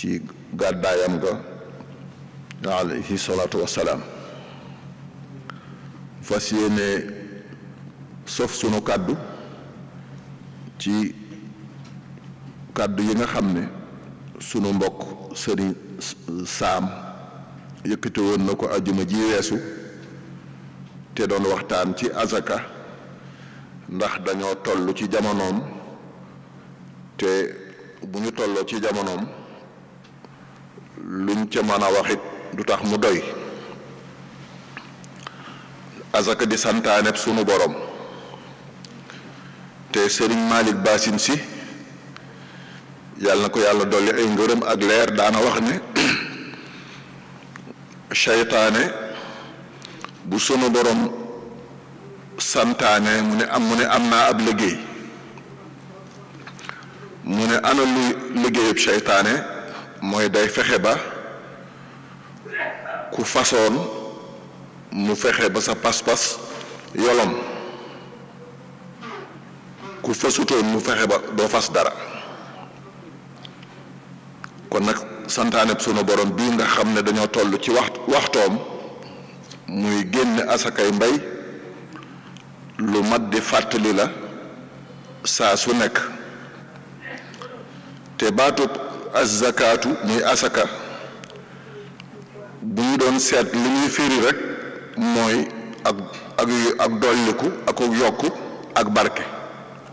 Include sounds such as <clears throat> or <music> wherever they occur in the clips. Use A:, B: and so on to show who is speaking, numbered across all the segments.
A: ci gàddaayam ga alayhi salaatu wassalaam fas yéene sof sunu kàddu ci kàddu yi nga xam ni sunu mbokk sëriñ saam yëkkati na ko ajjuma ji weesu te doon waxtaan ci azaka ndax dañoo tollu ci jamonoom te bu ñu tolloo ci jamonoom luñ ca mën a waxit du tax mu doy asaka di santaaneb sunu borom te sëriñ Malick Basin si yàlla ko yàlla dolli ay ngërëm ak leer daana wax ne <clears throat> seytaane bu sunu borom santaane mu ne am mu ne am naa ab liggéey mu ne ana luy liggéeyub seytaane mooy day fexe ba ku façon mu fexe ba sa pas-pas yolom ku fasutoon mu fexe ba doo fas dara kon nag santaane sunu borom bii nga xam ne dañoo toll ci waxtu waxtoom muy génn asakay mbay lu mat di fàttali la saa su nekk te baatub azzakaatu muy asaka bu ñu doon seet li muy firi rek mooy ak ak ak dolliku ak yokku ak barke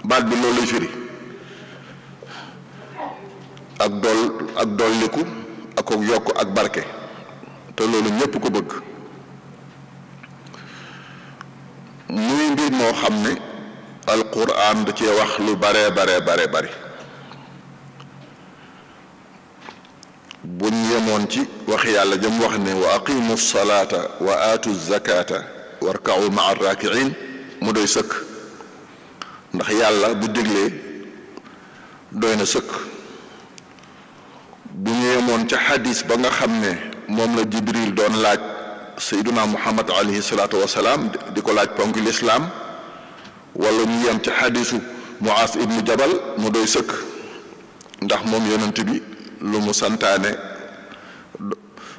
A: baat bi loolu lay firi ak dol ak dolliku ak yokku ak barke te loolu ñépp ko bëgg muy mbir moo xam ne alquran da cee wax lu bare bare bare bari buñ yemoon ci wax yàlla jëm wax ne wa aqimu salaata wa aatu zakata warkau maa rakiin mu doy sëkk ndax yàlla bu diglee doy na sëkk bu ñu yemoon ca xadis ba nga xam ne moom la jibril doon laaj sayduna muhammad alayhi salaatu wasalaam di ko laaj ponk lislaam walla ñu yem ca xadisu muaas ibnu jabal mu doy sëkk ndax moom yonent bi lu mu santaane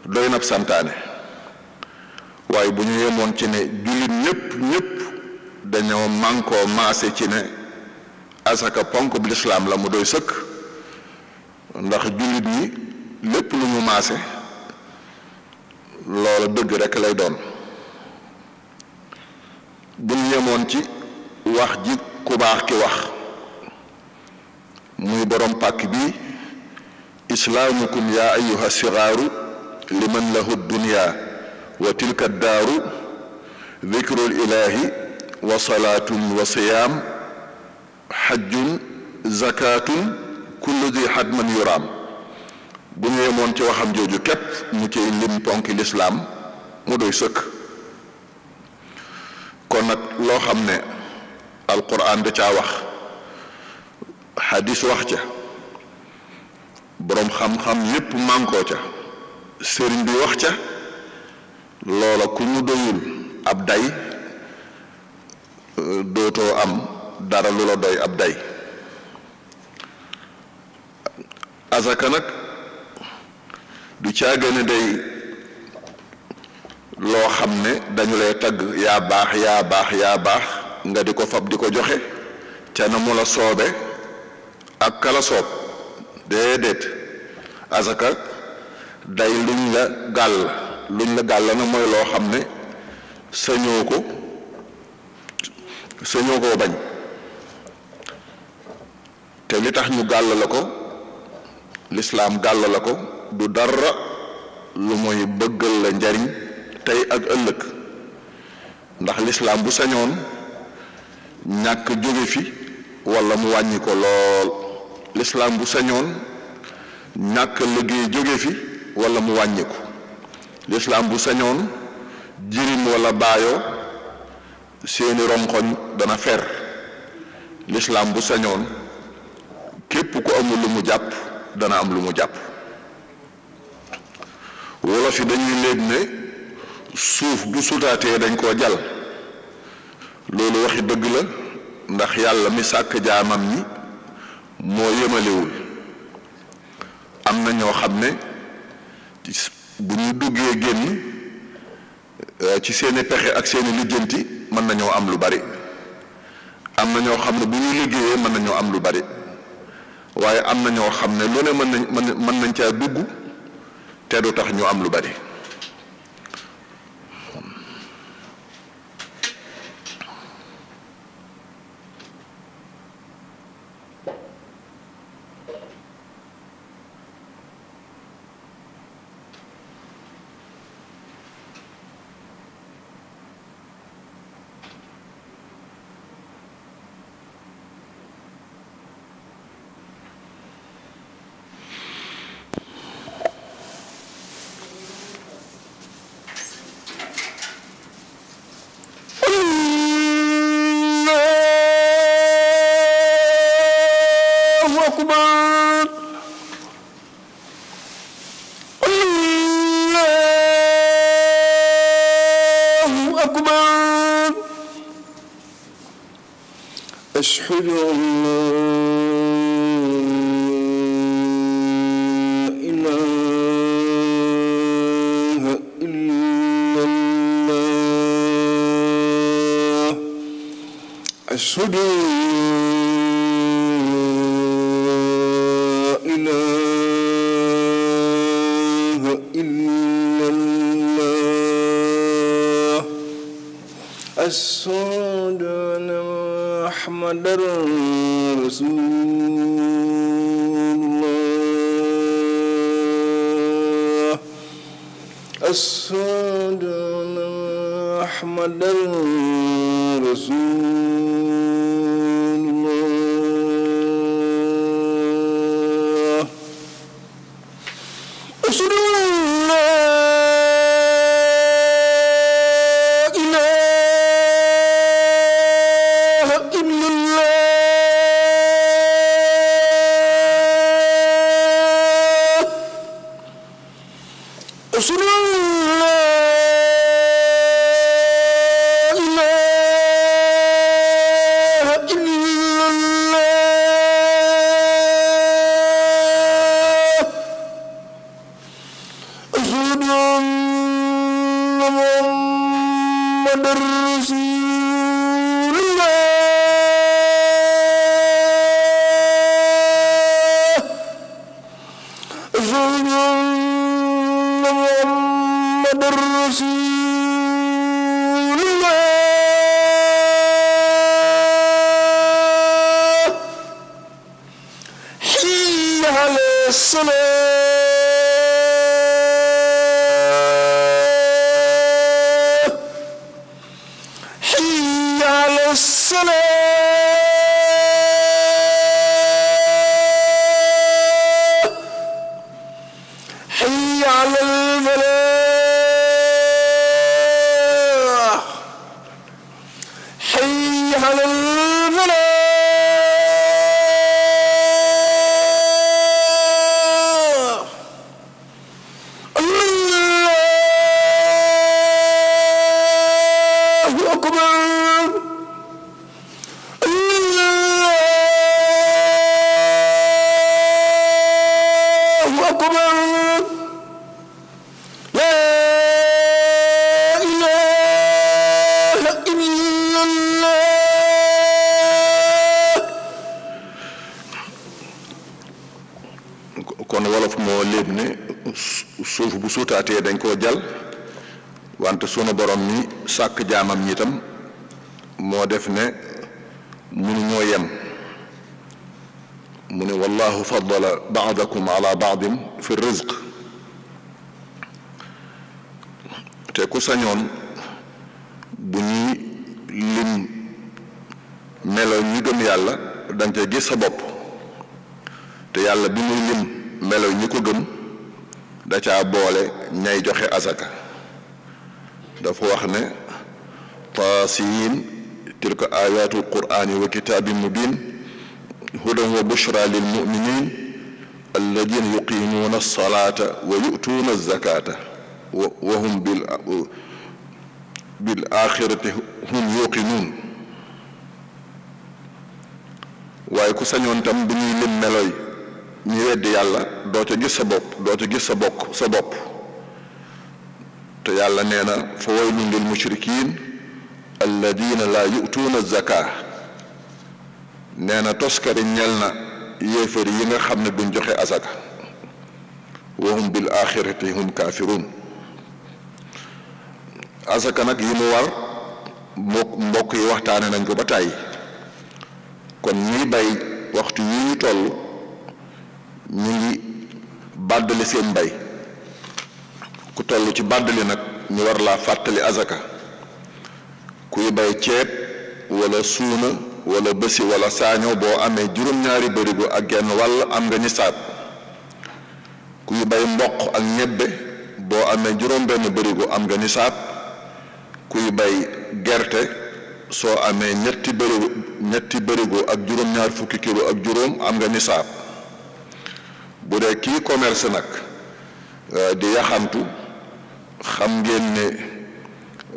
A: doy nab santaane waaye bu ñu yemoon ci ne jullit ñépp ñépp dañoo mànkoo maase ci ne asaka ponk bi lislaam la mu doy sëkk ndax jullit ñi lépp lu ñu maase loola dëgg rekk lay doon bu ñu yemoon ci wax ji ku baax ki wax muy borom pàkk bi islaamukum yaa ayuha sigaaru liman lahu dunya wa tilka daaru dikru lilahi wa salaatun wa siyaam xajjun zakaatun kullu di xadman yuraam bu ñu yemoon waxam jooju képp mu ciy lim ponki lislaam mu doy sëkk kon nag loo xam ne alquran da caa wax xadis wax ca boroom xam-xam yépp mànkoo ca sëriñ bi wax ca loola ku mu doyul ab day euh, dootoo am dara lu la doy ab day asaka nag du caagane day loo xam ne dañu lay tagg yaa baax yaa baax yaa baax nga di ko fab di ko joxe ca na mu la soobe ak kala déedéet asaka day luñ la gàll luñ la gàll nag mooy loo xam ne sañoo ko sañoo ko bañ te li tax ñu gàll la ko lislaam gàll la ko du dara lu mooy bëggal la njariñ tey ak ëllëg ndax lislaam bu sañoon ñàkk jóge fi walla mu wàññi ko lool lislaam bu sañoon ñàkk liggéey jóge fi walla mu wàññiku lislaam bu sañoon jirim wala baayoo seeni ronkoñ dana fer lislaam bu sañoon képp ku amul lu mu jàpp dana am lu mu jàpp wolof yi dañuy léeb ne suuf bu sutaatee dañ koo jal loolu waxi dëgg la ndax yàlla mi sàkk jaamam ñi moo yemalewul am na ñoo xam ne bu ñu duggee génn euh, ci seeni pexe ak seeni lijjanti mën nañoo am lu bari am na ñoo xam ne bu ñu liggéeyee mën nañoo am lu bari waaye am na ñoo xam ne lu ne mën nañ mën nañ caa dugg te du tax ñoo am lu bari
B: أكبر الله أكبر أشهد أن لا
C: سيدنا محمد
A: moo léeb ne suuf bu suutaatee dañ koo jal wante sunu borom mi sàkk jaamam ñi itam moo def ne mënuñoo yem mu ne wallahu faddala baadakum ala baadin fi rizq te ku sañoon bu ñuy lim melo ñu gëm yàlla dañ ca gis sa bopp te yàlla bi muy lim melo ñi ko gëm da caa boole ñay joxe asaka dafa wax ne taasiin tilka ayatul qur'ani wa kitaabin mubin hudan wa bushra lil muminin alladina yuqimuuna alsalaata wa yu'tuuna alzakata wa hum bil bil axirati hum yuqinuun waaye ku sañoon tam bu ñuy lim melo ñi weddi yàlla doo ca gis sa bopp doo ca gis sa bokk sa bopp te yàlla nee na fa waylun lil mushrikiin alladina laa yutuuna zaka nee na toskari ñel na yéefar yi nga xam ne duñ joxe asaka wahum bil axirati hum kaafiruun asaka nag yi mu war mbokk mbokk yi waxtaane nañ ko ba tàyyi kon ñuy bay waxtu yi ñu toll ñu ngi bàddali seen mbay ku toll ci li nag ñu war laa fàttali azaka kuy bay ceeb walla suuna walla bësi wala saaño boo amee juróom-ñaari bërigo ak genn wàll am nga nisaab kuy bay mboq ak ñebbe boo amee juróom-benn am nga nisaab kuy bay gerte soo amee ñetti bërigo ñetti bërigo ak juróom-ñaar fukki kilo ak juróom am nga nisaab bu dee kii commerce nag euh, di yaxantu xam ngeen ne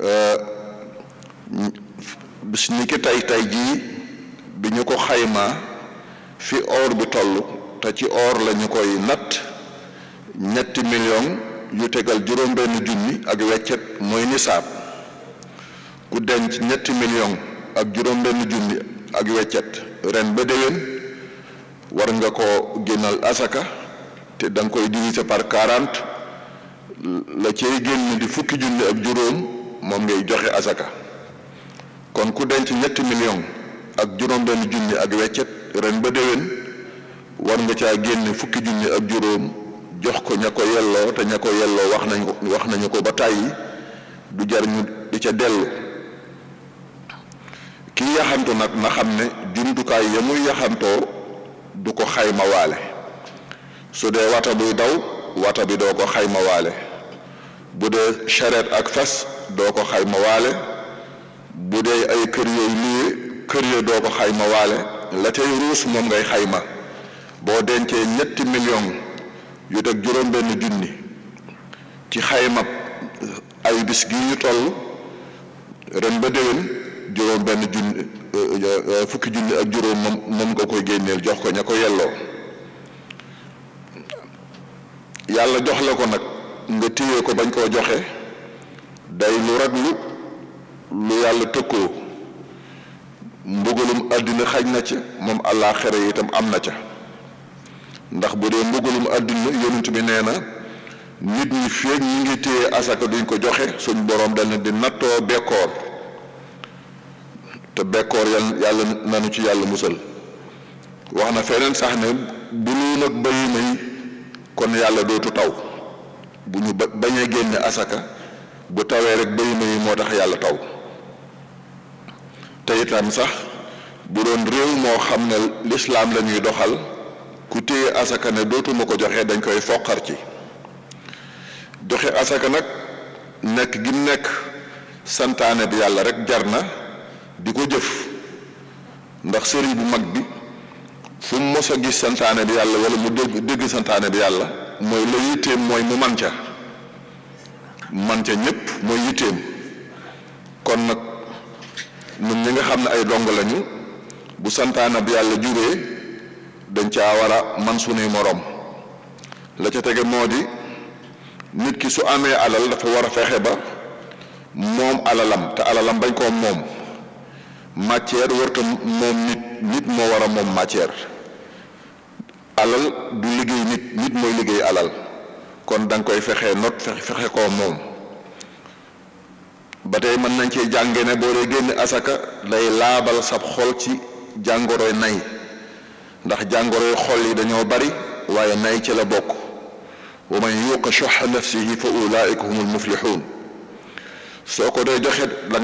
A: euh, bis ni ki tey tey jii bi ñu ko xaymaa fi or bi toll te ci or lañu koy natt ñetti million yu tegal juróom benn junni ak weccet mooy nisaab ku denc ñetti million ak juróom benn junni ak weccet ren ba déwén war nga ko génnal asaka te da nga koy diviser par quarante la cee génn di fukki junni ak juróom moom ngay joxe asaka kon ku denc ñetti million ak juróom benn junni ak weccet ren ba déwén war nga caa génn fukki junni ak juróom jox ko ña ko yelloo te ña ko yelloo wax nañ ko wax nañu ko ba tàyyi du jar ñu di ca dellu kii yaxantu nag na xam ne jumtukaay ya muy yaxantoo du ko xayma waale su dee wata buy daw wata bi doo ko xayma waale bu dee charrette ak fas doo ko xayma waale bu dee ay kër yooyu luye kër yooyu doo ko xayma waale la tey ruus moom ngay xayma boo dencee ñetti million yu teg juróom-benn junni ci xayma ay bis gi ñu toll ren ba déwén juróom-benn junni euh, euh, fukki junni ak juróom moom moom nga koy génneel jox ko ña ko yelloo yàlla jox la ko nag nga téye ko bañ koo joxe day lu raglu lu yàlla tëkkoo mbugalum àddina xaj na ca moom àllaaxira itam am na ca ndax bu dee mbugalum àddina yonent bi nee na nit ñi feeg ñi ngi téye asaka duñ ko joxe suñ boroom dal na di nattoo bekkoor te bekkoor yàlla nanu ci yàlla musal wax na feneen sax ne bu nu nag bayi may kon yàlla dootu taw bu ñu bañ a génne asaka bu tawee rek bëri na yi moo tax yàlla taw te sax bu doon réew moo xam ne lislaam la ñuy doxal ku téye asaka ne dootuma ko joxe dañ koy foqar ci joxe asaka nag nekk gi nekk santaane bi yàlla rek jar na di ko jëf ndax sëriñ bu mag bi fu mu mos a gis santaane bi yàlla wala mu dégg dégg santaane bi yàlla mooy la yitteem mooy mu man ca man ca ñépp mooy yitteem kon nag ñun ñi nga xam ne ay dong lañu bu santaane bi yàlla juree dañ caa man sunuy moroom la ca tege moo di nit ki su amee alal dafa war a fexe ba moom alalam te alalam bañ koo moom matière warta moom nit nit moo war a moom matière alal du liggéey nit nit mooy liggéey alal kon danga koy fexe not fexe fexe moom ba tey mën nañ cee jànge ne boo dee génn asaka day laabal sab xol ci jàngoroy nay ndax jàngoroy xol yi dañoo bari waaye nay ci la bokk wa man yuuqa shuhha nafsihi fa ulaika humul soo ko dee joxe da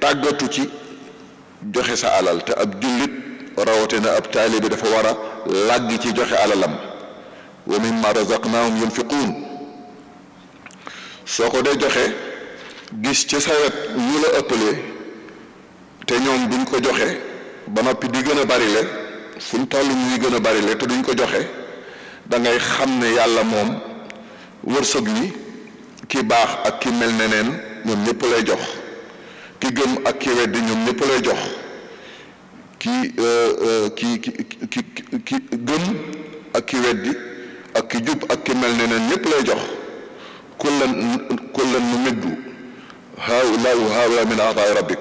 A: tàggatu ci joxe sa alal te ab jullit rawatina ab taalibe dafa war làgg ci joxe alalam wa mimma razaqnaahum yunfiquun soo ko dee joxe gis ci sa wet ñu la ëppalee te ñoom duñ ko joxe ba noppi di gën a bari le fuñ toll ñuy gën a bari le te duñ ko joxe dangay xam ne yàlla moom wërsëg wi ki baax ak ki mel neneen ñoom ñëpp lay jox ki gëm ak ki weddi ñoom ñëpp lay jox Euh, euh, ki ki ki ki gëm ak ki weddi ak ki jub ak ki mel ne nen ñépp lay jox kullan kullan nu middu haulaau haula min ataai rabbik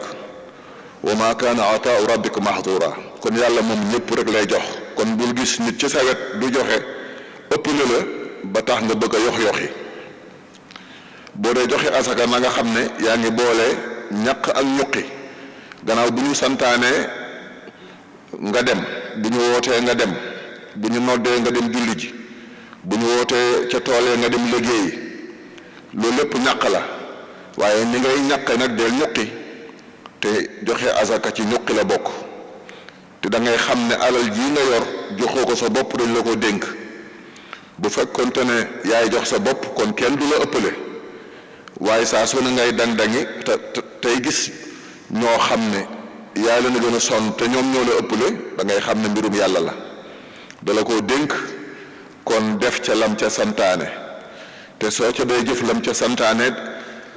A: wa ma kaana ataau rabbik mahdura kon yàlla moom ñépp rek lay jox kon bul gis nit ci sa wet du joxe ëpp na la ba tax nga bëgg a yox yoxi boo dee joxe asaka na nga xam ne yaa ngi boole ñaq ak ñuqi gannaaw bu ñu santaanee nga dem bu ñu wootee nga dem bu ñu noddee nga dem julli ji bu ñu wootee ca toolee nga dem liggéeyi loolu lépp ñàkk la waaye ni ngay ñàkke nag deel ñuqi te joxe azaka ci ñuqi la bokk te dangay xam ne alal jii nga yor joxoo ko sa bopp dañ la ko dénk bu fekkonte ne yaay jox sa bopp kon kenn du la ëppale waaye saa su ne ngay dang dangi te tey gis ñoo xam ne yaa na a gën a sonn te ñoom ñoo la ëpple da ngay xam ne mbirum yàlla la dala koo dénk kon def ca lam ca santaane te soo ca day jëf lam ca santaane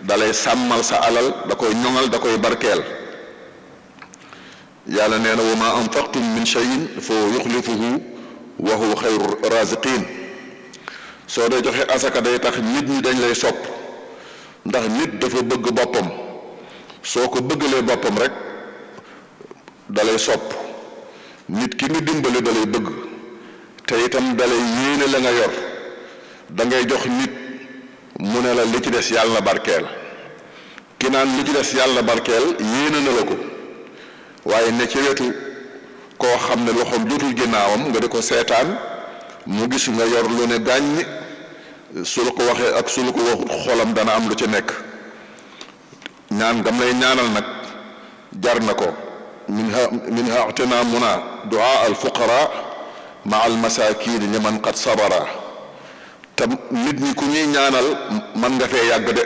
A: dalay sàmmal sa alal da koy ñoŋal da koy barkeel yàlla nee na wa ma anfaqtum min shay'in fa yuxlifuhu wa huwa xayru raziqin soo dee joxe asaka day tax nit ñi dañ lay sopp ndax nit dafa bëgg boppam soo ko bëggalee boppam rek dalay sopp nit ki nga dimbali dalay bëgg te itam dalay yéene la nga yor dangay jox nit mu ne la li ci des yàlla na barkeel ki naan li ci des yàlla barkeel yéene na la ko waaye ne ci wetu koo xam ne loxoom jotul ginnaawam nga di ko seetaan mu gis nga yor lu ne su la ko waxee ak su la ko waxut xolam dana am lu ci nekk ñaan gam lay ñaanal nag jar na ko منها منها اعتنى منا دعاء الفقراء مع المساكين لمن قد صبرا te nit ñi ku ñuy ñaanal man nga fee yàgg de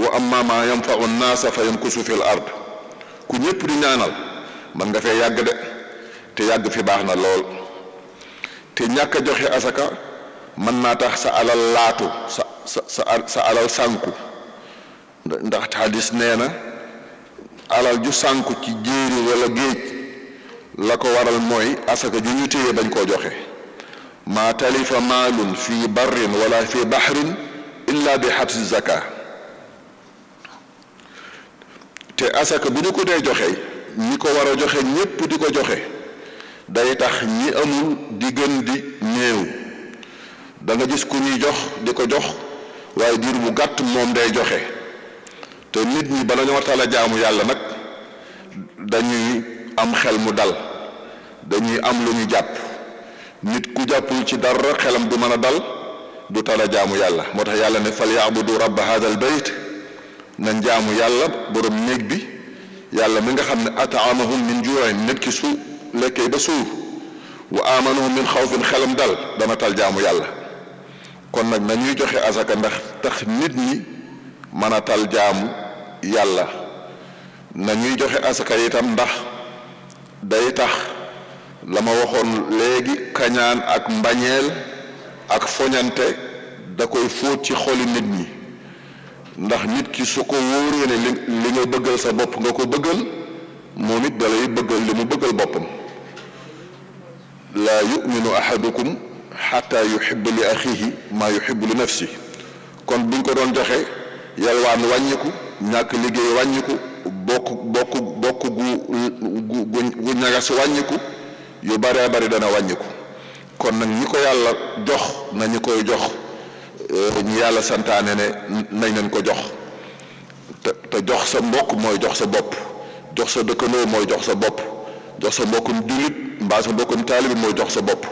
A: wa amma ma yanfau nnaasa fa yamkusu fil ard ku ñépp di ñaanal man nga fee yàgg de te yàgg fi baax na lool te ñàkk a joxe asaka mën naa tax sa alal laatu sa sa sa alal sànku ndax xadis nee na alal ju sànku ci jéeri walla géej la ko waral mooy asaka ju ñu téye bañ koo joxe maa talifa maalun fi barrin wala fi baxrin illa bi xabsi zaka te asaka bu ñu ko dee joxe ñi ko war a joxe ñépp di ko joxe day tax ñi amul di gën di néew danga gis ku ñuy jox di ko jox waaye diir bu gàtt moom day joxe te nit ñi bala ñoo tala jaamu yàlla nag dañuy am xel mu dal dañuy am lu ñu jàpp nit ku jàppul ci dara xelam du mën a dal du tala jaamu yàlla moo tax yàlla ne fal yaabudu rabba hada al bayt nañ jaamu yàlla borom néeg bi yàlla mi nga xam ne ataamahum min juuin nit ki su lekkee ba suur wa amanahum min xawfin xelam dal dana tal jaamu yàlla kon nag nañuy joxe asaka ndax tax nit ñi mën a jaamu yàlla na ñuy joxe asaka itam ndax day tax la ma waxoon léegi kañaan ak mbañeel ak foñante da koy fóot ci xoli nit ñi ndax nit ki su ko wóoree ne li nga bëggal sa bopp nga ko bëggal moom it dalay bëggal li mu bëggal boppam laa yuminu ahadukum xata yuxibu li axihi maa yuxibu li nafsi kon buñ ko doon joxe yalwaan wàññiku ñàkk liggéey wàññiku bokk bokk bokk gu gu gu ñagas wàññiku yu baree bari dana wàññiku kon nag ñi ko yàlla jox nañu koy jox eh, ñi yàlla santaane ne nañ leen ko jox te te jox sa mbokk mooy jox sa bopp jox sa dëkkandoo mooy jox sa bopp jox sa mbokkum jullit mbaa sa mbokkum taalibi mooy jox sa bopp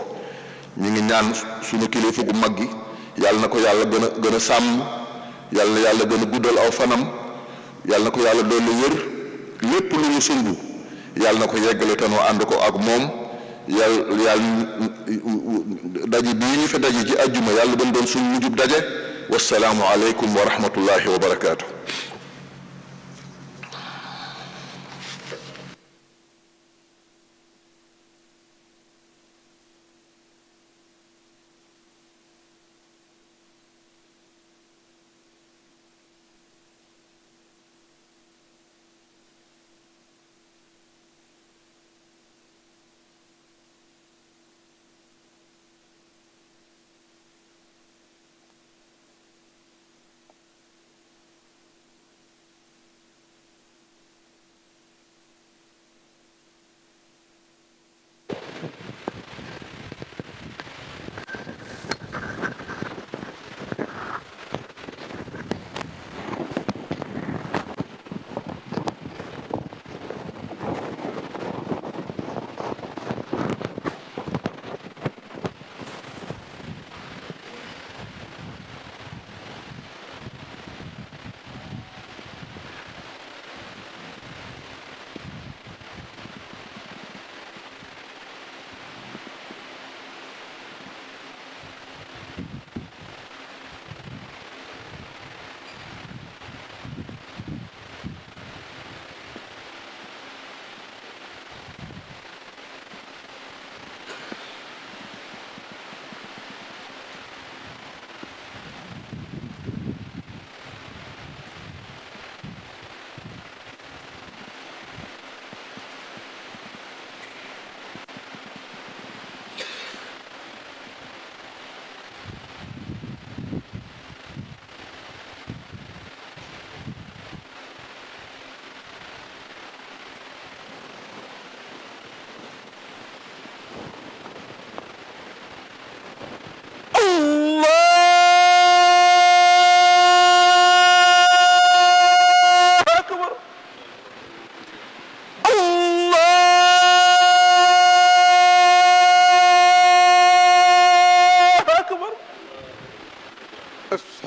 A: ñu ngi ñaan suñu kilifa gu mag gi yàlla na ko yàlla gën a gën a sàmm yàlla na yàlla gën a guddal aw fanam yàlla na ko yàlla dolli wér lépp lu mu sumb yàlla na ko yeggale te nu ànd ko ak moom yàlla yàlla daje bii fa fi daje ci àjjuma yàlla ba mu doon suñ mujjub daje wasalaamu aleykum wa rahmatullahi wa barakaatu.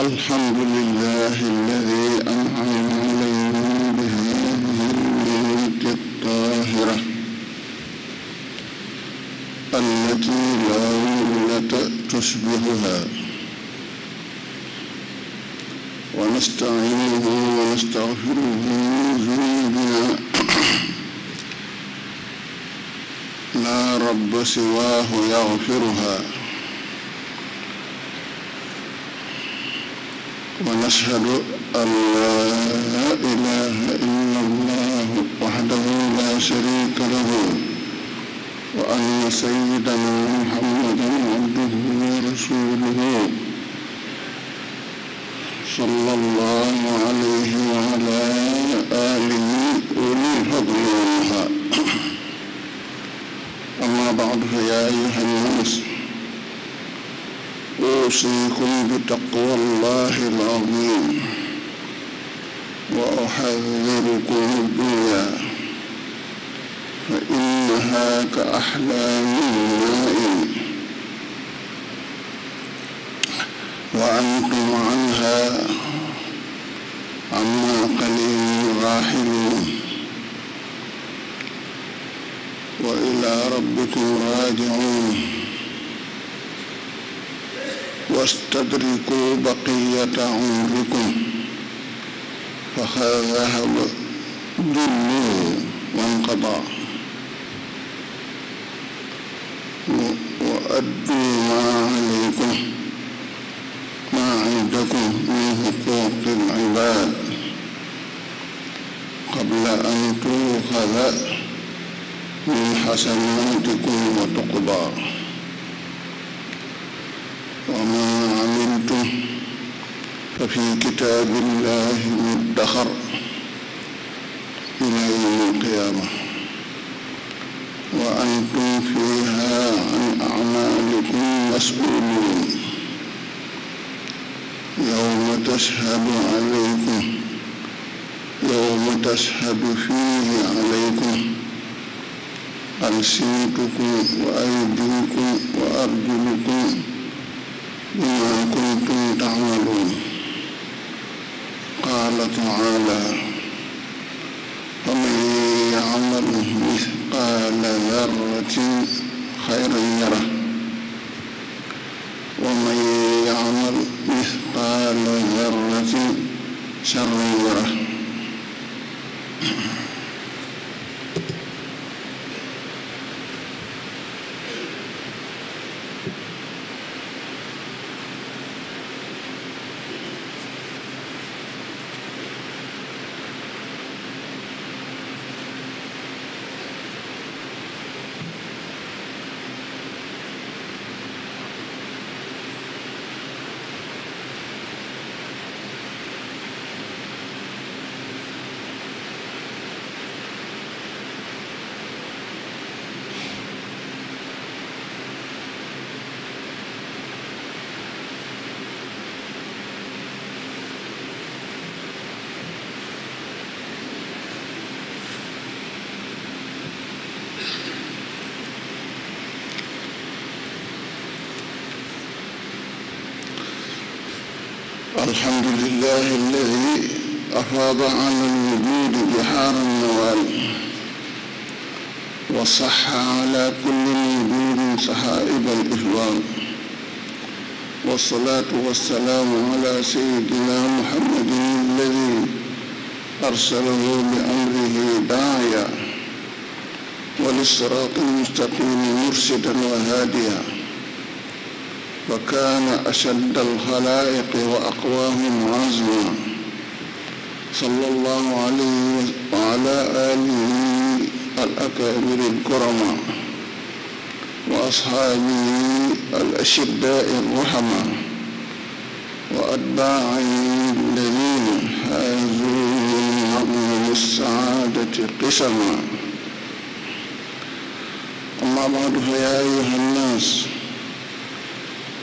C: الحمد لله الذي أنعم علينا بهذه الملك الطاهرة التي لا ولة تشبهها ونستعينه ونستغفره من ذنوبنا لا رب سواه يغفرها وأشهد أن لا إله إلا الله وحده لا شريك له وأن سيدنا محمدا عبده ورسوله صلى الله أوصيكم بتقوى الله العظيم وأحذركم الدنيا فإنها كأحلام النائم وأنتم عنها عما قليل راحلون وإلى ربكم راجعون واستدركوا بقية عمركم فقد ذهب جلوا وانقطع وأدوا ما عليكم ما عندكم من حقوق العباد قبل أن تؤخذ من حسناتكم وتقضى وما fi kitaabillahi muddaxar ila yawmi alqiyaama wa antum fiha an amalikum mas'uluun yawma tashhadu alaykum yawma tashhadu fihi alaykum alsinatukum wa aydikum wa arjulukum bima حبة علا ومن يعمل مثقال ذرة خيرا يره الحمد لله الذي أفاض على الوجود بحار النوال وصح على كل وجود صحائب الإهوال والصلاة والسلام على سيدنا محمد الذي أرسله بأمره داعيا وللصراط المستقيم مرشدا وهاديا فكان أشد الخلائق وأقواهم عزما صلى الله عليه وعلى آله الأكابر الكرماء وأصحابه الأشداء الرحماء وأتباعه الذين هازوا من السعادة قسما أما بعد فيا أيها الناس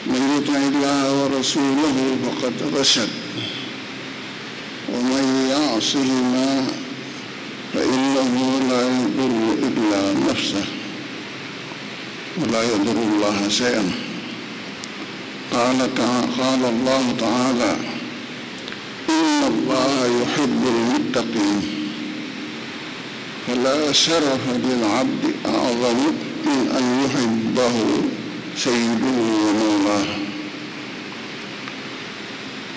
C: من يطع الله ورسوله فقد رشد ومن يعصهما فإنه لا يضر إلا نفسه ولا يضر الله شيئا قال قال الله تعالى إن الله يحب المتقين فلا شرف للعبد أعظم من أن يحبه سيدنا ومولاه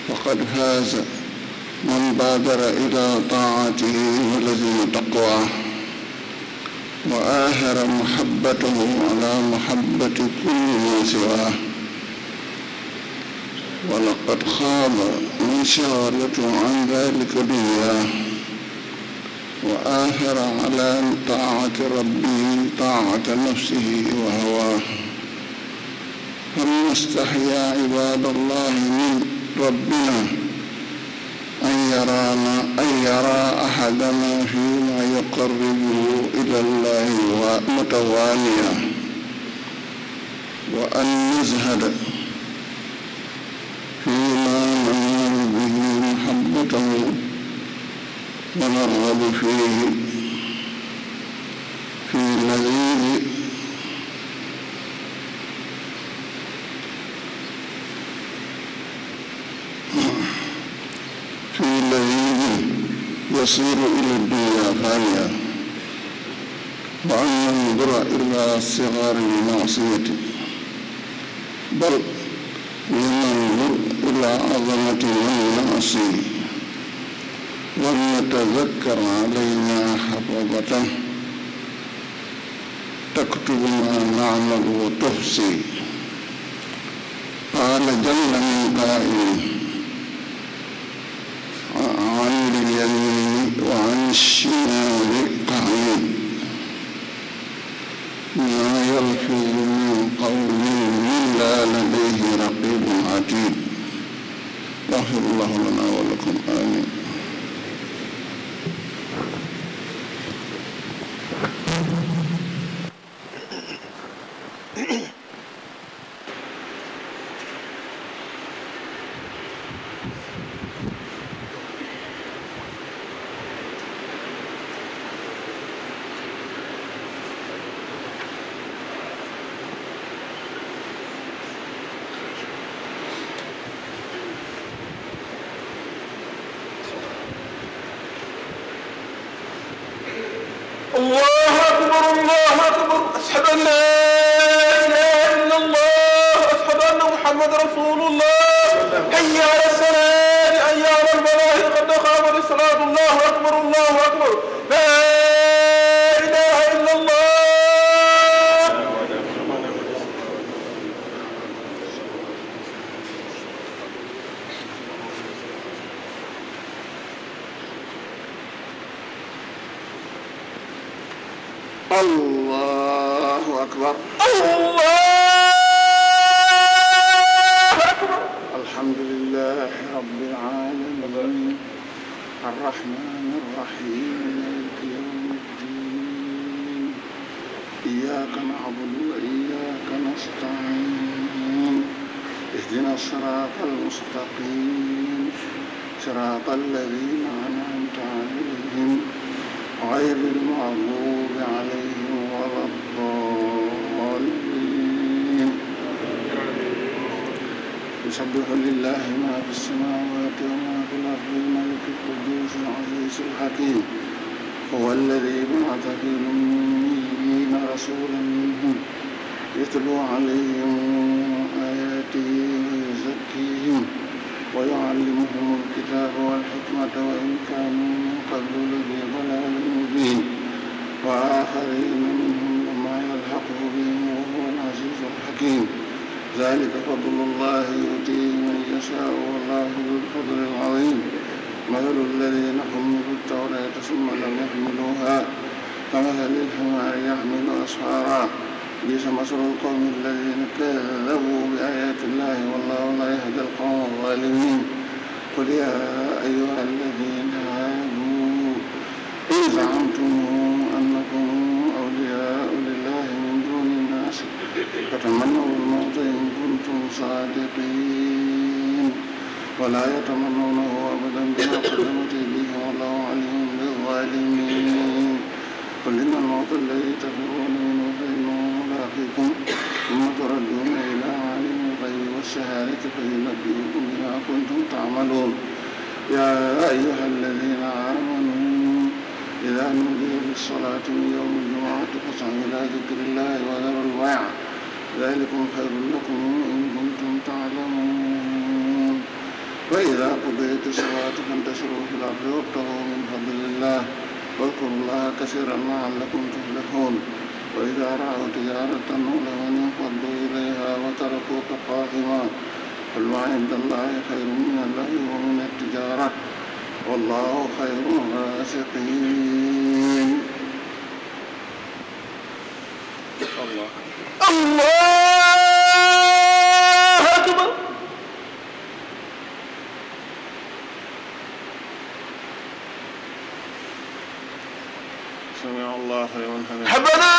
C: وقد فاز من بادر إلى طاعته ولزم تقواه وآهر محبته على محبة كل من سواه ولقد خاب من شغلته عن ذلك دنياه وآهر على طاعة ربه طاعة نفسه وهواه إن استحيا عباد الله من ربنا أن يرانا أن يرى أحدنا فيما يقربه إلى الله متواليا وأن نزهد فيما ننال به محبته ونرغب فيه يصير إلى الدنيا فانية وأن ينظر إلى الصغار بمعصيته بل لننظر إلى عظمة من يعصيه ولنتذكر علينا حفظته تكتب ما نعمل وتحصي قال جل من قائل لديه رقيب عتيد يغفر الله لنا ولكم آمين
B: أشهد أن لا إله إلا الله أشهد أن محمد رسول الله حي على السلام حي على البلاء قد قامت الصلاة الله أكبر الله أكبر لا
C: اهدنا الصراط المستقيم صراط الذين أنعمت عليهم غير المغضوب عليهم ولا الضالين يسبح لله ما في السماوات وما في الأرض الملك القدوس العزيز الحكيم هو الذي بعث في الأميين رسولا منهم يتلو عليهم ويعلمهم الكتاب والحكمة وإن كانوا من قبل لفي ضلال مبين وآخرين منهم لما يلحقه بهم وهو العزيز الحكيم ذلك فضل الله يؤتيه من يشاء والله ذو الفضل العظيم مثل الذين حملوا التوراة ثم لم يحملوها كمثل الحمار يحمل أسفارا بئس مثل القوم الذين كذبوا بآيات الله والله لا يهدي القوم الظالمين قل يا أيها الذين آمنوا إن زعمتم أنكم أولياء لله من دون الناس فتمنوا الموت إن كنتم صادقين ولا يتمنونه أبدا بما قدمت إليهم والله عليم بالظالمين قل إن الموت الذي فإن ينبئكم بما كنتم تعملون يا أيها الذين آمنوا إذا نودي للصلاة من يوم الجمعة فاسعوا إلى ذكر الله وذروا البيع ذلكم خير لكم إن كنتم تعلمون فإذا قضيت الصلاة فانتشروا في الأرض وابتغوا من فضل الله واذكروا الله كثيرا لعلكم تفلحون وإذا رأوا تجارة لهم انفضوا إليها وتركوك قائما wal ma inda allahi xayrun min allahi wa min attijaara wallahu xayru raasiqiin allah
B: allah akbar
C: sami allah liman hamidah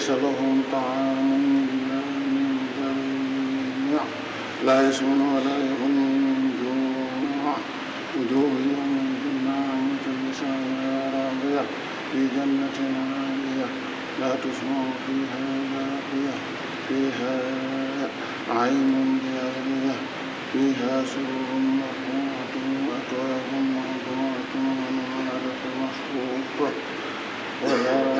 C: ليس لهم طعام إلا من ضريع لا يسمن ولا يغن من جوع وجوه يومئذ ناعمة لسعيها راضية في جنة عالية لا تسمع فيها باقية فيها عين جارية فيها سرور مرفوعة وأكواب موضوعة ونمارق مصفوفة ويرى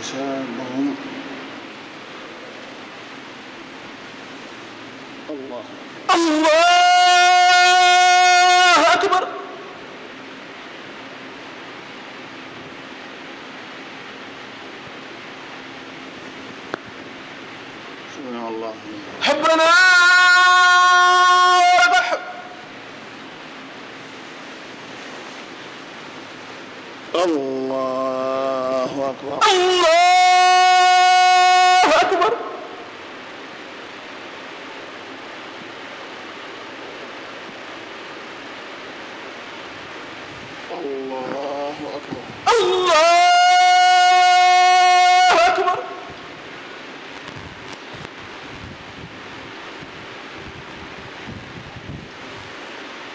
C: تشابهون الله الله